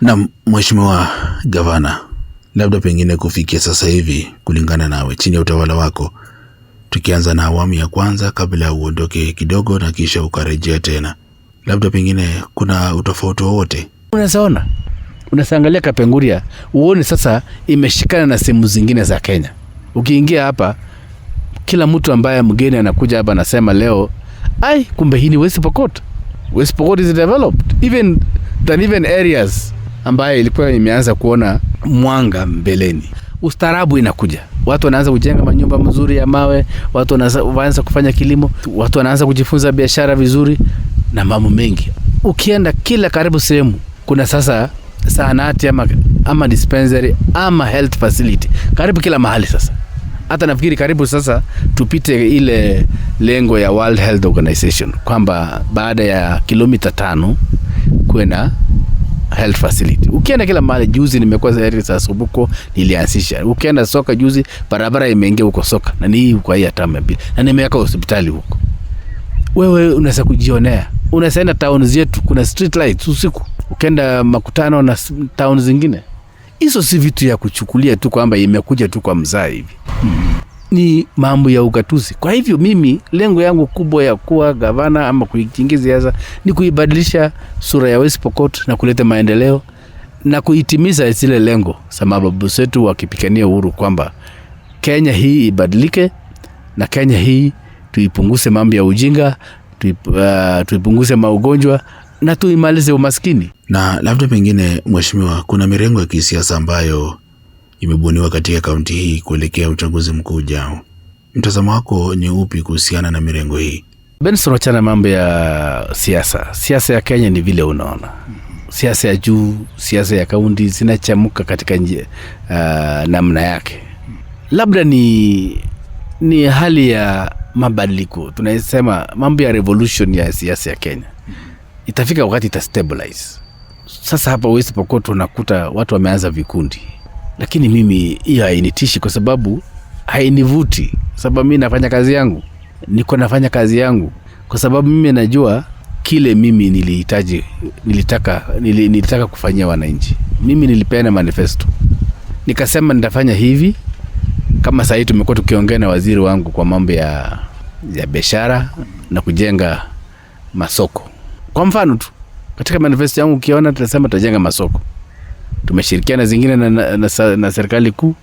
Na Mheshimiwa Gavana, labda pengine kufikia sasa hivi, kulingana nawe, chini ya utawala wako, tukianza na awamu ya kwanza kabla uondoke kidogo na kisha ukarejea tena, labda pengine kuna utofauti wowote unasaona? Unasangalia Kapenguria uone sasa imeshikana na sehemu zingine za Kenya. Ukiingia hapa, kila mtu ambaye mgeni anakuja hapa anasema leo, ai, kumbe hii ni West Pokot. West Pokot is developed even than even areas ambayo ilikuwa imeanza kuona mwanga mbeleni. Ustaarabu inakuja, watu wanaanza kujenga manyumba mzuri ya mawe, watu wanaanza kufanya kilimo, watu wanaanza kujifunza biashara vizuri na mambo mengi. Ukienda kila karibu sehemu kuna sasa sanati ama, ama dispensary ama health facility karibu kila mahali sasa hata nafikiri karibu sasa tupite ile lengo ya World Health Organization kwamba baada ya kilomita tano kuwe na health facility. Ukienda kila mahali, juzi nimekuwa zaidi za subuko nilianzisha. Ukienda soka juzi, barabara imeingia huko soka, na ni kwa hii hata mbili, na nimeweka hospitali huko. Wewe unaweza kujionea, unaenda town zetu, kuna street lights usiku, ukienda makutano na town zingine. Hizo si vitu ya kuchukulia tu kwamba imekuja tu kwa mzaa hivi hmm ni mambo ya ugatuzi. Kwa hivyo mimi lengo yangu kubwa ya kuwa gavana ama kuitingiza siasa ni kuibadilisha sura ya West Pokot na kuleta maendeleo na kuitimiza zile lengo za mababu zetu wakipigania uhuru, kwamba Kenya hii ibadilike na Kenya hii tuipunguze mambo ya ujinga, tuip, uh, tuipunguze maugonjwa na tuimalize umaskini. Na labda pengine, mheshimiwa, kuna mirengo ya kisiasa ambayo imebuniwa katika kaunti hii kuelekea uchaguzi mkuu ujao. Mtazamo wako ni upi kuhusiana na mirengo hii? Benson, wachana mambo ya siasa. Siasa ya Kenya ni vile unaona, siasa ya juu, siasa ya kaunti zinachamuka katika nje, uh, namna yake. Labda ni, ni hali ya mabadiliko, tunasema mambo ya revolution ya siasa ya Kenya. Itafika wakati itastabilize. Sasa hapa uwezi tunakuta watu wameanza vikundi lakini mimi hiyo hainitishi kwa sababu hainivuti, kwa sababu mimi nafanya kazi yangu, niko nafanya kazi yangu kwa sababu mimi najua kile mimi nilihitaji, nilitaka, nilitaka kufanyia wananchi. Mimi nilipeana manifesto nikasema nitafanya hivi. Kama sahii tumekuwa tukiongea na waziri wangu kwa mambo ya, ya biashara na kujenga masoko. Kwa mfano tu katika manifesto yangu ukiona tunasema tutajenga masoko tumeshirikiana zingine na, na, na, na serikali kuu,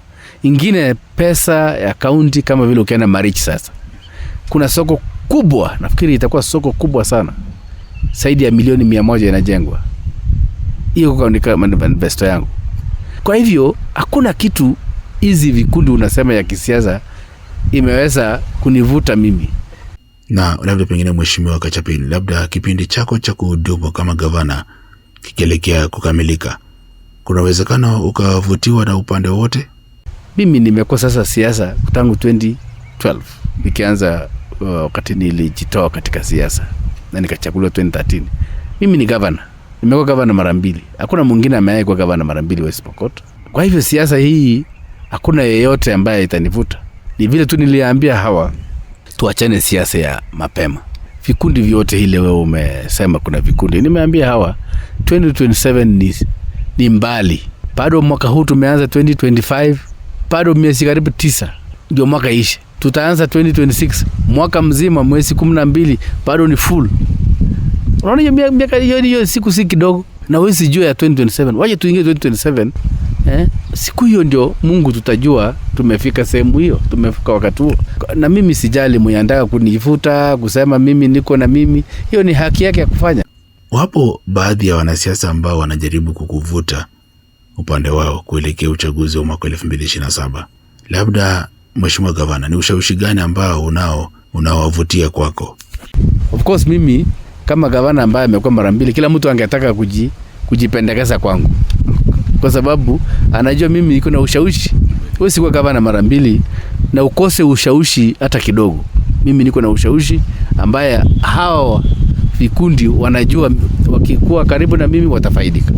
ingine pesa ya kaunti. Kama vile ukienda Marich sasa, kuna soko kubwa, nafikiri itakuwa soko kubwa sana, zaidi ya milioni mia moja inajengwa hiyo, kwa manifesto yangu. Kwa hivyo hakuna kitu hizi vikundi unasema ya kisiasa imeweza kunivuta mimi na labda pengine, Mheshimiwa Kachapin, labda kipindi chako cha kuhudumu kama gavana kikielekea kukamilika, kuna uwezekano ukavutiwa na upande wote? Mimi nimekuwa sasa siasa tangu 2012 nikianza uh, wakati uh, nilijitoa katika siasa na nikachaguliwa 2013. Mimi ni gavana, nimekuwa gavana mara mbili. Hakuna mwingine amewahi kuwa gavana mara mbili West Pokot. Kwa hivyo siasa hii hakuna yeyote ambaye itanivuta. Ni vile tu niliambia hawa tuachane siasa ya mapema. Vikundi vyote ile wewe umesema kuna vikundi, nimeambia hawa 2027 ni ni mbali. Bado mwaka huu tumeanza 2025, bado miezi karibu tisa ndio mwaka ishe. Tutaanza 2026 mwaka mzima, mwezi kumi na mbili bado ni full. Unaona miaka hiyo hiyo siku si kidogo, na wezi jua ya 2027. Waje tuingie 2027, eh? Siku hiyo ndio Mungu tutajua tumefika sehemu hiyo, tumefika wakati huo. Na mimi sijali mwenye anataka kunifuta kusema mimi niko na mimi, hiyo ni haki yake ya kufanya. Wapo baadhi ya wanasiasa ambao wanajaribu kukuvuta upande wao kuelekea uchaguzi wa mwaka elfu mbili na saba. Labda Mheshimiwa Gavana, ni ushawishi gani ambao unao unaowavutia kwako? Of course mimi kama gavana ambaye amekuwa mara mbili, kila mtu angetaka kuji, kujipendekeza kwangu kwa sababu anajua mimi iko na ushawishi. Wewe sikuwa gavana mara mbili na ukose ushawishi hata kidogo. Mimi niko na ushawishi ambaye hao vikundi wanajua wakikuwa karibu na mimi watafaidika.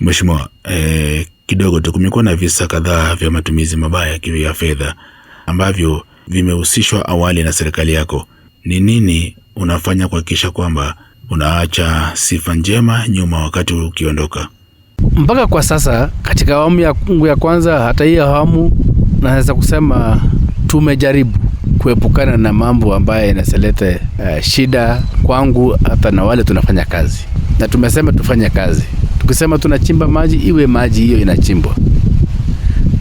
Mheshimiwa, eh, kidogo tu kumekuwa na visa kadhaa vya matumizi mabaya ya fedha ambavyo vimehusishwa awali na serikali yako. Ni nini unafanya kuhakikisha kwamba unaacha sifa njema nyuma wakati ukiondoka? Mpaka kwa sasa katika awamu yangu ya kwanza, hata hii awamu naweza kusema tumejaribu kuepukana na mambo ambayo yanaseleta uh, eh, shida kwangu hata na wale tunafanya kazi, na tumesema tufanye kazi. Tukisema tunachimba maji, iwe maji hiyo inachimbwa.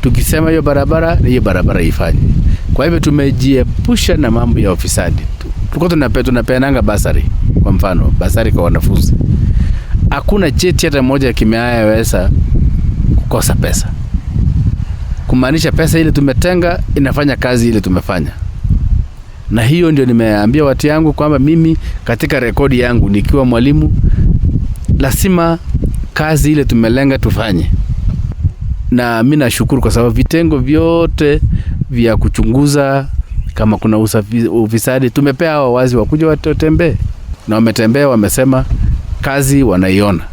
Tukisema hiyo barabara, hiyo barabara ifanye. Kwa hivyo tumejiepusha na mambo ya ofisadi. Tuko tunapea tunapeananga basari, kwa mfano basari kwa wanafunzi. Hakuna cheti hata moja kimeaweza kukosa pesa, kumaanisha pesa ile tumetenga inafanya kazi ile tumefanya na hiyo ndio nimeambia watu yangu kwamba mimi katika rekodi yangu nikiwa mwalimu lazima kazi ile tumelenga tufanye, na mimi nashukuru kwa sababu vitengo vyote vya kuchunguza kama kuna ufisadi tumepea hawa wazi wakuja watembee, na wametembea, wamesema kazi wanaiona,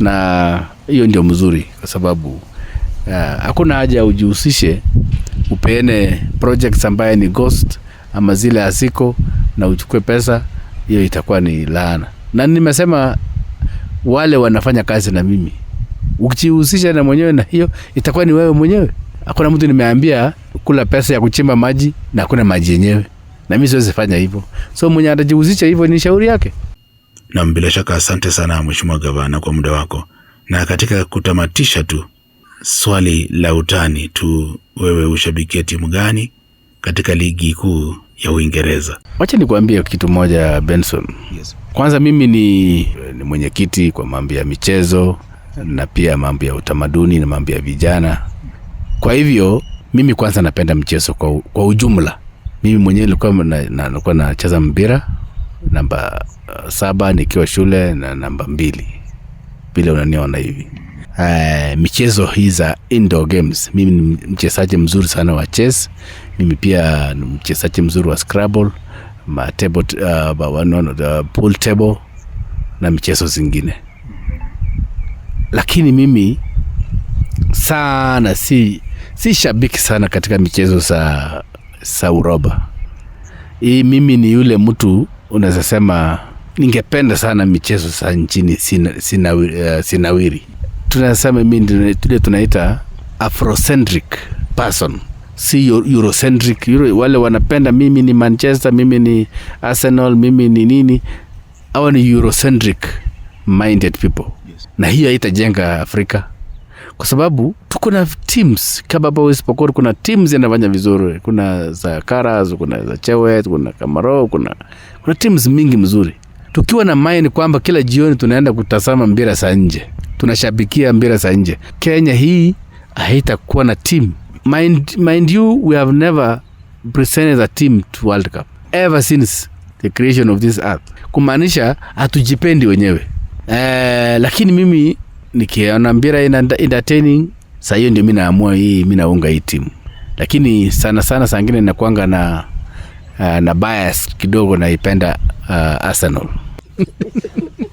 na hiyo ndio mzuri kwa sababu eh, hakuna haja ujihusishe upeene projects ambaye ni ghost ama zile haziko na uchukue pesa, hiyo itakuwa ni laana. Na nimesema wale wanafanya kazi na mimi, ukijihusisha na mwenyewe na hiyo itakuwa ni wewe mwenyewe. Hakuna mtu nimeambia kula pesa ya kuchimba maji na hakuna maji yenyewe, na mimi siwezi fanya hivyo. So mwenye atajihusisha hivyo ni shauri yake. Na bila shaka asante sana Mheshimiwa Gavana kwa muda wako. Na katika kutamatisha tu, swali la utani tu, wewe ushabikia timu gani katika ligi kuu ya Uingereza. Wacha nikuambie kitu moja Benson. Yes. Kwanza mimi ni, ni mwenyekiti kwa mambo ya michezo na pia mambo ya utamaduni na mambo ya vijana. Kwa hivyo mimi kwanza napenda mchezo kwa, kwa ujumla. Mimi mwenyewe nilikuwa nilikuwa na, nacheza mpira namba uh, saba nikiwa shule na namba mbili vile unaniona hivi uh, michezo hii za indoor games. Mimi ni mchezaji mzuri sana wa chess. Mimi pia ni mchezaji mzuri wa Scrabble, ma table, uh, no, no, the pool table na michezo zingine, lakini mimi sana si, si shabiki sana katika michezo za, sa uroba hii. Mimi ni yule mtu unaweza sema ningependa sana michezo za nchini sina, sina, uh, sinawiri tunasema mimi tule tunaita afrocentric person si eurocentric Euro, wale wanapenda mimi ni Manchester, mimi ni Arsenal, mimi ni nini. Hawa ni eurocentric minded people yes. Na hiyo haitajenga Afrika kwa sababu tuko na teams kama hapo isipokuwa kuna teams zinafanya vizuri, kuna za Karas, kuna za Chewet, kuna Kamaro, kuna kuna teams mingi mzuri, tukiwa na mind kwamba kila jioni tunaenda kutazama mpira saa nje tunashabikia mpira za nje. Kenya hii haitakuwa na timu mind, mind you we have never presented a team to World Cup ever since the creation of this earth, kumaanisha hatujipendi wenyewe eh, lakini mimi nikiona mpira ina entertaining saa hiyo ndio mi naamua hii mi naunga hii timu, lakini sana sana saa ingine nakwanga na, eh, na bias kidogo naipenda uh, Arsenal